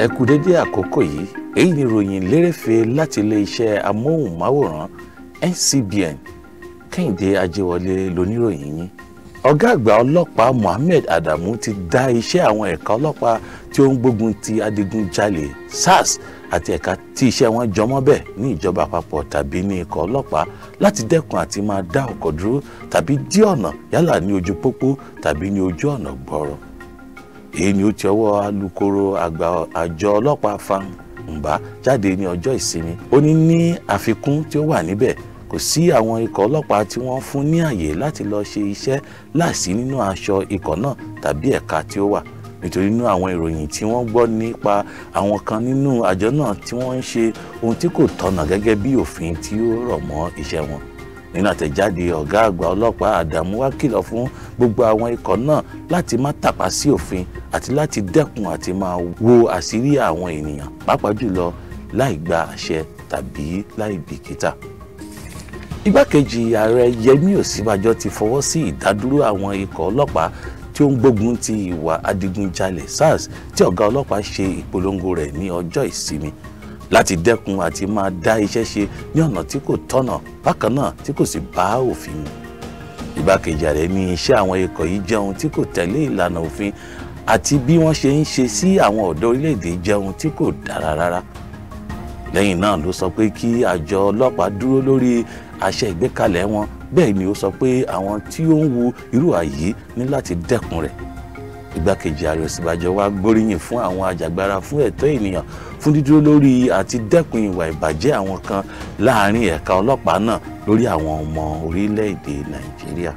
ẹ kú dédé àkókò yìí èyí ni ròyìn lérèfé láti iléeṣẹ́ amóhùnmáwòrán NCBN Kẹ́hìndé Ajéwọlé lóníròyìn yín ọ̀gá àgbà ọlọ́pàá Mohammed Adamu ti dá iṣẹ́ àwọn ẹ̀ka ọlọ́pàá tí ó ń gbógun ti adigunjalè SARS àti ẹ̀ka tí iṣẹ́ wọn jọmọ́ bẹ́ẹ̀ ní ìjọba àpapọ̀ tàbí ní ikọ̀ ọlọ́pàá láti dẹ́kun àti máa dá ọkọ̀ dúró tàbí dí ọ̀nà yálà ní ojú pópó tàbí ní ojú ọ̀nà gbọ́rọ̀ èyí ni ó ti ọwọ́ alukoro àgbà àjọ ọlọ́pàá Fangba jáde ní ọjọ́ ìsinmi ó ní ní àfikún tí ó wà níbẹ̀ kò sí àwọn ikọ̀ ọlọ́pàá tí wọ́n fún ní àyè láti lọ ṣe iṣẹ́ láìsí nínú aṣọ ikọ̀ náà tàbí ẹ̀ka tí ó wà nítorí inú àwọn ìròyìn tí wọ́n gbọ́ nípa àwọn kan nínú àjọ náà tí wọ́n ń ṣe ohun tí kò tọ̀nà gẹ́gẹ́ bí òfin tí ó rọ̀ mọ́ iṣẹ́ wọn nínú àtẹ̀jáde ọ̀gá àgbà ọlọ́pàá Àdàmú wá kìlọ̀ fún gbogbo àwọn ikọ̀ náà láti má tàpá sí òfin àti láti dẹ́kun àti máa wo àṣírí àwọn ènìyàn pàápàá jùlọ láì gba àṣẹ tàbí láì bìkítà igbákejì ààrẹ Yẹmí Ọ̀sínbàjò ti fọwọ́ sí ìdádúró àwọn ikọ̀ ọlọ́pàá tí ó ń gbógun ti ìwà adigunjalè SARS tí ọ̀gá ọlọ́pàá ṣe ìpolongo rẹ̀ ní ọjọ́ ìsinmi láti dẹ́kun àti máa dá iṣẹ́ ṣe ní ọ̀nà tí kò tọ́nà bákan náà tí kò sì bá òfin mu ìgbákejì ààrẹ ní iṣẹ́ àwọn ikọ̀ yìí jẹ́ ohun tí kò tẹ̀lé ìlànà òfin àti bí wọ́n ṣe ń ṣe sí àwọn ọ̀dọ́ orílẹ̀-èdè jẹ́ tí kò dára rárá lẹ́yìn náà ló sọ pé kí àjọ ọlọ́pàá dúró lórí àṣẹ ìgbékalẹ̀ wọn bẹ́ẹ̀ ni ó sọ pé àwọn tí ó ń wu irú àyí ní láti dẹ́kun rẹ̀ igbákejì ààrẹ Ọ̀sínbàjò wá gbóríyìn fún àwọn ajàgbara fún ẹ̀tọ́ ènìyàn fún dídúró lórí àti dẹ́kun ìwà ìbàjẹ́ àwọn kan láàrin ẹ̀ka ọlọ́pàá náà lórí àwọn ọmọ orílẹ̀ Nàìjíríà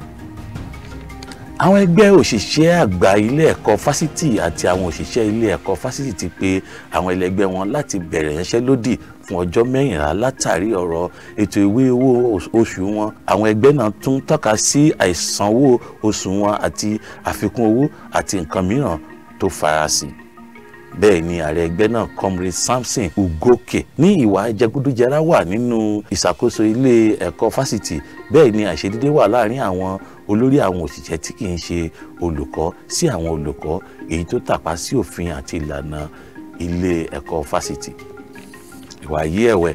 àwọn ẹgbẹ́ òṣìṣẹ́ àgbà ilé ẹ̀kọ́ fásitì àti àwọn òṣìṣẹ́ ilé ẹ̀kọ́ fásitì ti pe àwọn ẹlẹgbẹ́ wọn láti bẹ̀rẹ̀ iṣẹ́ lódì fún ọjọ́ mẹ́rìnlá látàrí ọ̀rọ̀ ètò ìwé owó oṣù wọn àwọn ẹgbẹ́ náà tún tọ́ka sí àìsanwó oṣù wọn àti àfikún owó àti nǹkan mìíràn tó farasí bẹ́ẹ̀ ni ààrẹ ẹgbẹ́ náà comrade Samson Ugoke ní ìwà jẹgúdújẹrá wà nínú ìṣàkóso ilé ẹ̀kọ́ fásitì bẹ́ẹ̀ ni àìṣedédé wà láàrin àwọn olórí àwọn òṣìṣẹ́ tí kì í ṣe olùkọ́ sí àwọn olùkọ́ èyí tó tàpá sí òfin àti ìlànà ilé ẹ̀kọ́ fásitì ìwàyí ẹ̀wẹ̀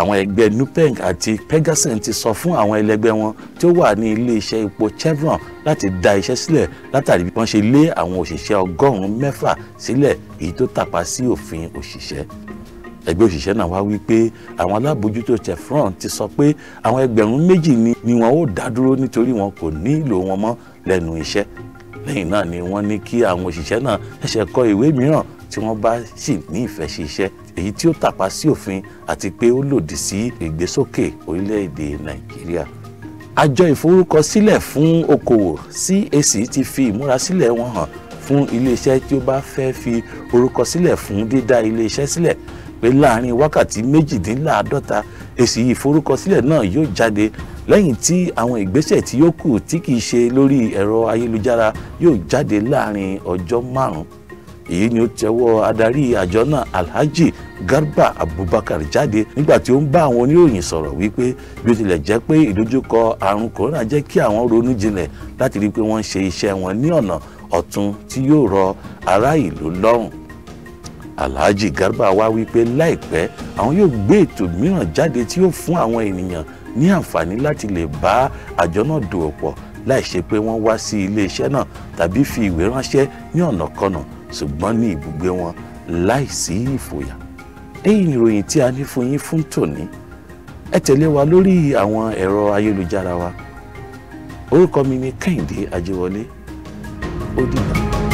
àwọn ẹgbẹ́ nupeng àti pegasen ti sọ fún àwọn ẹlẹgbẹ́ wọn tí ó wà ní iléeṣẹ́ epo chevron láti dá iṣẹ́ sílẹ̀ látàrí bí wọ́n ṣe lé àwọn òṣìṣẹ́ ọgọ́rùn-ún mẹ́fà sílẹ̀ èyí tó tàpá sí òfin òṣìṣẹ́ ẹgbẹ́ òṣìṣẹ́ náà wá wí pé àwọn alábòójútó Chevron ti sọ pé àwọn ẹgbẹ̀rún méjì ni wọn ó dá dúró nítorí wọn kò nílò wọn mọ́ lẹ́nu iṣẹ́ lẹ́yìn náà ni wọ́n ní kí àwọn òṣìṣẹ́ náà ṣẹ̀ṣẹ̀ kọ ìwé mìíràn tí wọ́n bá sì ní ìfẹ́ sí iṣẹ́ èyí tí ó tàpá sí òfin àti pé ó lòdì sí ìgbésókè orílẹ̀-èdè Nàìjíríà àjọ ìforúkọsílẹ̀ fún okòwò CAC ti fi ìmúrasílẹ̀ wọn hàn fún iléeṣẹ́ tí ó bá fẹ́ fi orúkọ fún dídá iléeṣẹ́ sílẹ̀ pé láàrin wákàtí méjìdínláàádọ́ta èsì ìforúkọsílẹ̀ náà yóò jáde lẹ́yìn tí àwọn ìgbésẹ̀ tí yóò kù tí kìí ṣe lórí ẹ̀rọ ayélujára yóò jáde láàrin ọjọ́ márùn-ún èyí ni ó tẹ́wọ́ adarí àjọ náà Alhaji Garba Abubakar jáde nígbà tí ó ń bá àwọn oníròyìn sọ̀rọ̀ wípé bí ó tilẹ̀ jẹ́ pé ìdojúkọ àrùn corona jẹ́ kí àwọn ronú jinlẹ̀ láti rí i pé wọ́n ń ṣe iṣẹ́ wọn ní ọ̀nà ọ̀tun tí yóò rọ ará ìlú lọ́rùn Alhaji Garba wa wípé láìpẹ́ àwọn yóò gbé ètò mìíràn jáde tí yóò fún àwọn ènìyàn ní àǹfààní láti lè bá àjọ náà dòwòpọ̀ láì ṣe pé wọ́n wá sí iléeṣẹ́ náà tàbí fi ìwé ránṣẹ́ ní ọ̀nàkọnà ṣùgbọ́n ní ibùgbé wọn láì sí ìfòyà. èyí ni ìròyìn tí a ní fún yín fún tòní ẹ tẹ̀lé wa lórí àwọn ẹ̀rọ ayélujára wa orúkọ mi ni Kẹ́hìndé Ajéwọlé ó dìgbà.